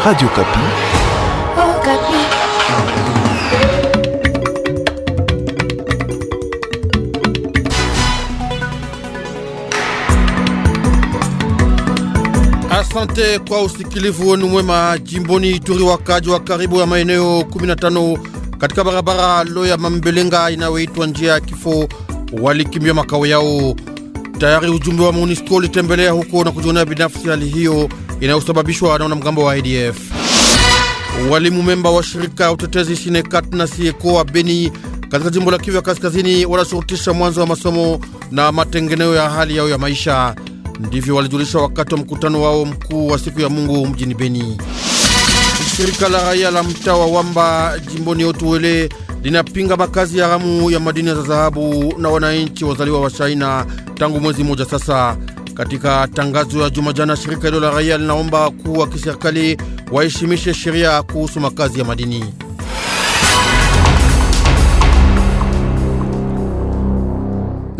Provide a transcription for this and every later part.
Radio Kapi. Oh, Kapi. Asante kwa usikilivu wenu mwema. Jimboni Ituri, wakaji wa karibu ya maeneo 15 katika barabara Loya Mambelenga inayoitwa njia ya kifo walikimbia makao yao. Tayari ujumbe wa MONUSCO ulitembelea huko na kujionea binafsi hali hiyo inayosababishwa na wanamgambo wa ADF. Walimu memba wa shirika ya utetezi Sinekat na Sieko wa Beni katika jimbo la Kivu ya Kaskazini wanashurutisha mwanzo wa masomo na matengeneo ya hali yao ya maisha. Ndivyo walijulisha wakati wa mkutano wao mkuu wa siku ya Mungu mjini Beni. Shirika la raia la mtaa wa Wamba jimboni Otuwele linapinga makazi haramu ya madini ya dhahabu na wananchi wazaliwa wa China tangu mwezi mmoja sasa. Katika tangazo ya juma jana, shirika hilo la raia linaomba kuu wa kiserikali waheshimishe sheria kuhusu makazi ya madini.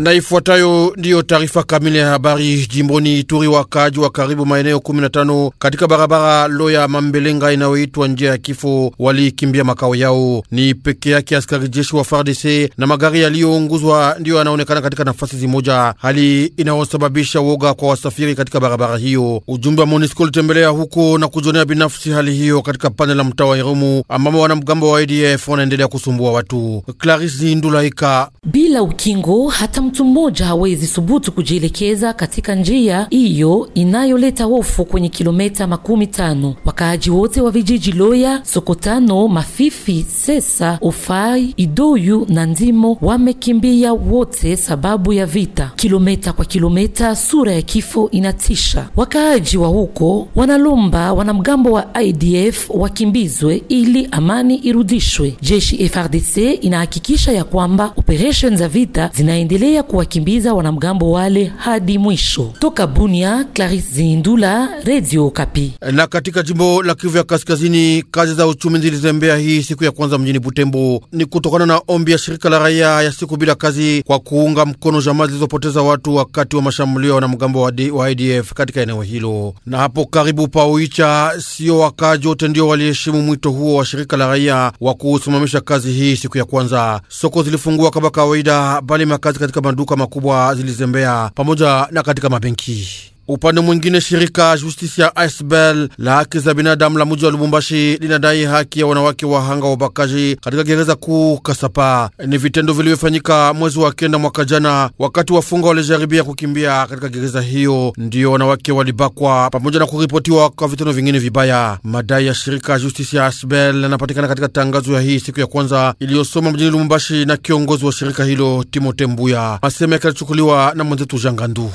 na ifuatayo ndiyo taarifa kamili ya habari. Jimboni Ituri, wakaaji wa karibu maeneo 15 katika barabara Loya Mambelenga inayoitwa njia ya kifo walikimbia makao yao. Ni peke yake askari jeshi wa FARDC na magari yaliyounguzwa ndiyo yanaonekana katika nafasi zimoja, hali inayosababisha woga kwa wasafiri katika barabara hiyo. Ujumbe wa MONUSCO ulitembelea huko na kujionea binafsi hali hiyo katika pande la mtaa wa Irumu ambamo wanamgambo wa ADF wanaendelea kusumbua watu. Clarisse Ndulaika bila ukingo hata mtu mmoja hawezi subutu kujielekeza katika njia hiyo inayoleta hofu kwenye kilomita makumi tano. Wakaaji wote wa vijiji Loya, Sokotano, Mafifi, Sesa, Ofai, Idoyu na Ndimo wamekimbia wote sababu ya vita. Kilomita kwa kilomita, sura ya kifo inatisha. Wakaaji wa huko wanalomba wanamgambo wa IDF wakimbizwe ili amani irudishwe. Jeshi FRDC inahakikisha ya kwamba operesheni za vita zinaendelea ya kuwakimbiza wanamgambo wale hadi mwisho. Toka Bunia, Clarisse Zindula, Radio Kapi. Na katika jimbo la Kivu ya Kaskazini, kazi za uchumi zilizembea hii siku ya kwanza mjini Butembo. Ni kutokana na ombi ya shirika la raia ya siku bila kazi kwa kuunga mkono jamaa zilizopoteza watu wakati wa mashambulio ya wanamgambo wa ADF katika eneo hilo. Na hapo karibu Pauicha, sio wakaji wote ndio waliheshimu mwito huo wa shirika la raia wa kusimamisha kazi hii siku ya kwanza. Soko zilifungua kama kawaida, bali makazi katika maduka makubwa zilizembea pamoja na katika mabenki. Upande mwingine, shirika justice ya Aisbel la haki za binadamu la muji wa Lubumbashi linadai haki ya wanawake wahanga wa ubakaji katika gereza kuu Kasapa. Ni vitendo vilivyofanyika mwezi wa kenda mwaka jana, wakati wafunga walijaribia kukimbia katika gereza hiyo, ndiyo wanawake walibakwa pamoja na kuripotiwa kwa vitendo vingine vibaya. Madai ya shirika ya Aisbel yanapatikana katika tangazo ya hii siku ya kwanza iliyosoma mjini Lubumbashi na kiongozi wa shirika hilo Timote Mbuya, maseme yakalichukuliwa na mwenzetu Jangandu.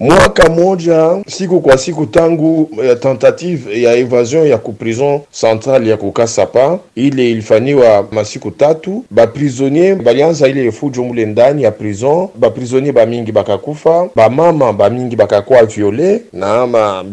Mwaka moja siku kwa siku tangu ya eh, tentative ya evasion ya kuprison centrale ya kukasapa ile ilifanywa masiku tatu, baprisonier balianza ile fujo mule ndani ya prison. Baprisonier bamingi bakakufa, bamama bamingi bakakwa viole na ma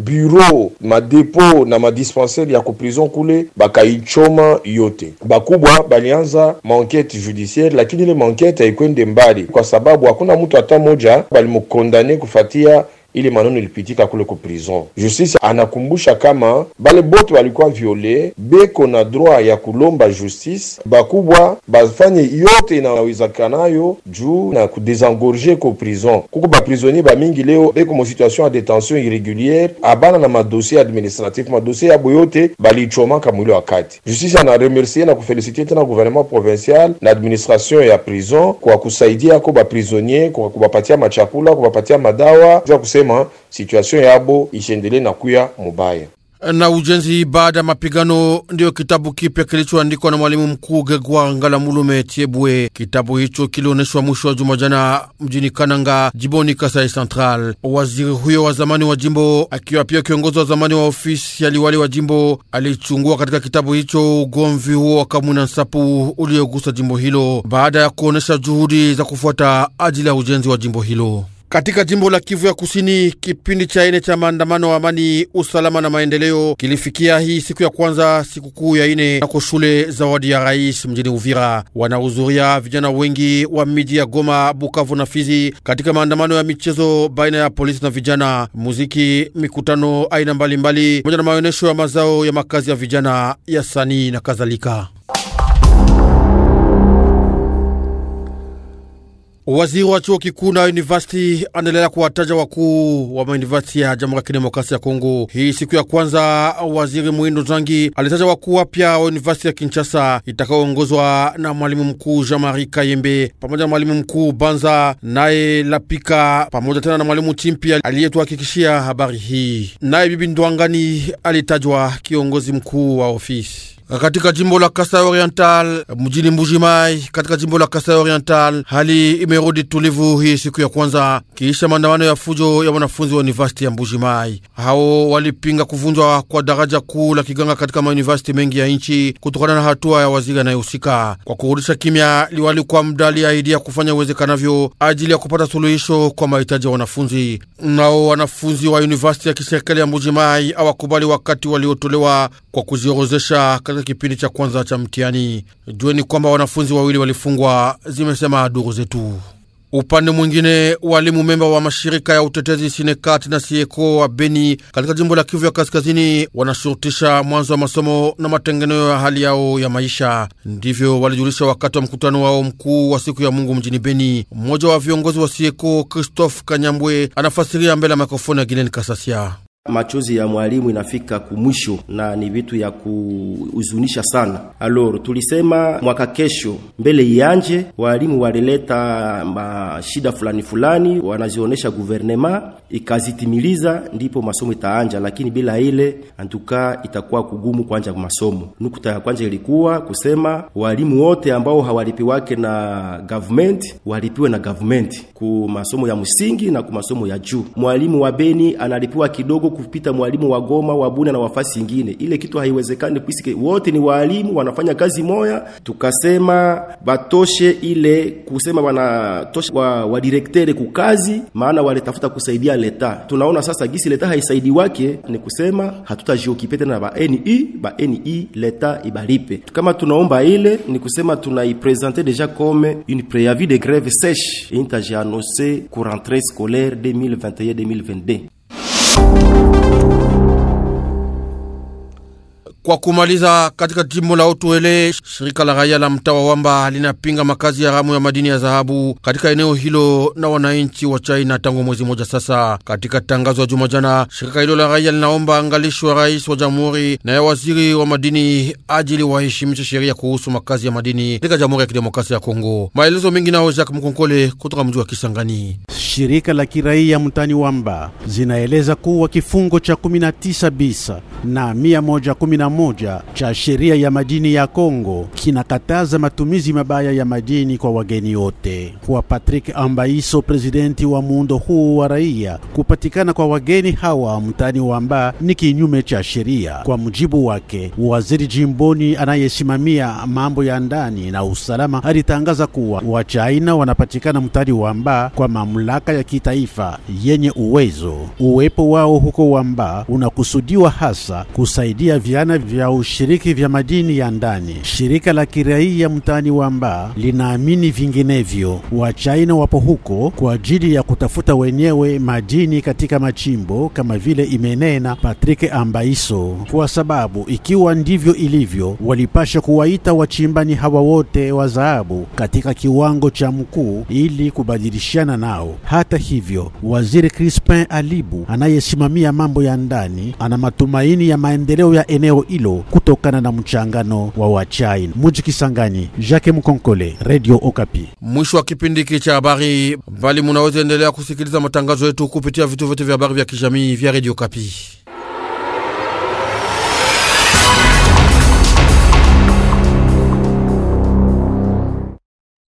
madepo na madispensaire ya kuprison kule bakaichoma yote. Bakubwa balianza mankete judiciaire, lakini ile mankete haikwende mbali kwa sababu hakuna mtu hata moja balimukondane kufatia ile maneno ilipitika kule ku prison. Justice anakumbusha kama bale bote walikuwa viole beko na droit ya kulomba justice, bakubwa bafanye yote inawezekanayo Ju, na kudesengorge ko prison. Kuko ba bamingi leo beko mo situation ya detention irreguliere, abana na dossier administratif, madosie yabo yote ka mwili wakati. Justice anaremercie na kufelicie na gouvernement provincial na administration ya prison kwa kusaidia ko baprisonnier, kwa kubapatia machakula, kubapatia madawa juu ya kusema kusema situation yabo ishendele na kuya mubaya na ujenzi baada ya mapigano ndiyo kitabu kipya kilichoandikwa na mwalimu mkuu gegwa ngala mulume Tiebwe. Kitabu hicho kilioneshwa mwisho wa juma jana mjini Kananga, jiboni Kasai Central. Waziri huyo wa zamani wa jimbo akiwa pia kiongozi wa zamani wa ofisi ya liwali wa jimbo alichungua katika kitabu hicho ugomvi huo wa Kamwina Nsapu uliogusa jimbo hilo baada ya kuonyesha juhudi za kufuata ajili ya ujenzi wa jimbo hilo. Katika jimbo la Kivu ya Kusini, kipindi cha ine cha maandamano wa amani, usalama na maendeleo kilifikia hii siku ya kwanza, sikukuu ya ine nako shule zawadi ya rais mjini Uvira. Wanahudhuria vijana wengi wa miji ya Goma, Bukavu na Fizi katika maandamano ya michezo baina ya polisi na vijana, muziki, mikutano aina mbalimbali, pamoja na maonyesho ya mazao ya makazi ya vijana ya sanii na kadhalika. Waziri wa chuo kikuu na university anaendelea kuwataja wakuu wa mauniversiti ya Jamhuri ya Kidemokrasia ya Kongo. Hii siku ya kwanza, waziri muindo Zangi alitaja wakuu wapya wa university ya Kinshasa itakayoongozwa na mwalimu mkuu Jean-Marie Kayembe pamoja na mwalimu mkuu Banza naye Lapika pamoja tena na mwalimu Chimpi aliyetuhakikishia habari hii. Naye Bibi Ndwangani alitajwa kiongozi mkuu wa ofisi katika jimbo la Kasai Oriental mjini Mbujimai, katika jimbo la Kasai Oriental hali imerudi tulivu hii siku ya kwanza kiisha maandamano ya fujo ya wanafunzi wa university ya Mbujimai. Hao walipinga kuvunjwa kwa daraja kuu la Kiganga katika mauniversiti mengi ya nchi kutokana na hatua ya waziri anayehusika kwa kurudisha kimya. Liwali kwa muda aliahidia kufanya uwezekanavyo ajili ya kupata suluhisho kwa mahitaji ya wanafunzi. Nao wanafunzi wa university ya kiserikali ya Mbujimai hawakubali wakati waliotolewa kwa kuziorozesha katika kipindi cha kwanza cha mtihani. Jueni kwamba wanafunzi wawili walifungwa, zimesema duru zetu. Upande mwingine, walimu memba wa mashirika ya utetezi Sinekat na Sieko wa Beni katika jimbo la Kivu ya Kaskazini wanashurutisha mwanzo wa masomo na matengenezo ya hali yao ya maisha. Ndivyo walijulisha wakati wa mkutano wao mkuu wa siku ya Mungu mjini Beni. Mmoja wa viongozi wa Sieko, Christophe Kanyambwe, anafasiria mbele ya mikrofoni ya Gineni Kasasia machozi ya mwalimu inafika kumwisho na ni vitu ya kuhuzunisha sana. Alors tulisema mwaka kesho mbele ianje, walimu walileta mashida fulani fulani, wanazionyesha guvernema ikazitimiliza, ndipo masomo itaanja, lakini bila ile antuka itakuwa kugumu kwanja masomo. Nukuta ya kwanja ilikuwa kusema walimu wote ambao hawalipiwake na government walipiwe na government ku masomo ya msingi na ku masomo ya juu. Mwalimu wa Beni analipiwa kidogo kupita mwalimu wa Goma wa Bunia na wafasi ingine. Ile kitu haiwezekani puisque wote ni walimu wanafanya kazi moya. Tukasema batoshe ile kusema wanatosha wa, wa directeur kazi, maana walitafuta kusaidia leta. Tunaona sasa gisi leta haisaidi wake, ni kusema hatutajiokipe tena ba NI ba NI leta ibalipe. Kama tunaomba ile ni kusema tunaipresenter deja comme une préavis de grève sèche et intaje annoncé courant scolaire 2021-2022. Kwa kumaliza, katika jimbo la Otuele, shirika la raia la mtaa wa Wamba linapinga makazi ya ramu ya madini ya dhahabu katika eneo hilo na wananchi wa China tangu mwezi moja sasa. Katika tangazo ya juma jana, shirika hilo la raia linaomba angalishi wa rais wa jamhuri na ya waziri wa madini ajili waheshimishe sheria kuhusu makazi ya madini katika Jamhuri ya Kidemokrasia ya Kongo. Maelezo mengi nao Jacques Mkonkole kutoka mji wa Kisangani shirika la kiraia mtani Wamba zinaeleza kuwa kifungo cha 19 bisa na 111 cha sheria ya madini ya Kongo kinakataza matumizi mabaya ya madini kwa wageni wote. Kwa Patrick Ambaiso, presidenti wa muundo huu wa raia, kupatikana kwa wageni hawa mtani Wamba ni kinyume cha sheria. Kwa mujibu wake, waziri jimboni anayesimamia mambo ya ndani na usalama alitangaza kuwa Wachaina wanapatikana mtani Wamba kwa mamlaka mamlaka ya kitaifa yenye uwezo. Uwepo wao huko Wamba unakusudiwa hasa kusaidia vyana vya ushiriki vya madini ya ndani. Shirika la kiraia mtaani Wamba linaamini vinginevyo, Wachina wapo huko kwa ajili ya kutafuta wenyewe madini katika machimbo, kama vile imenena Patrick Ambaiso, kwa sababu ikiwa ndivyo ilivyo, walipasha kuwaita wachimbani hawa wote wa dhahabu katika kiwango cha mkuu ili kubadilishana nao. Hata hivyo, waziri Crispin Alibu anayesimamia mambo ya ndani ana matumaini ya maendeleo ya eneo hilo kutokana na mchangano wa Wachaina. Muji Kisangani, Jacques Mkonkole, Radio Okapi. Mwisho wa kipindi hiki cha habari, bali munaweza endelea kusikiliza matangazo yetu kupitia vituo vyote vya habari vya kijamii vya Radio Okapi.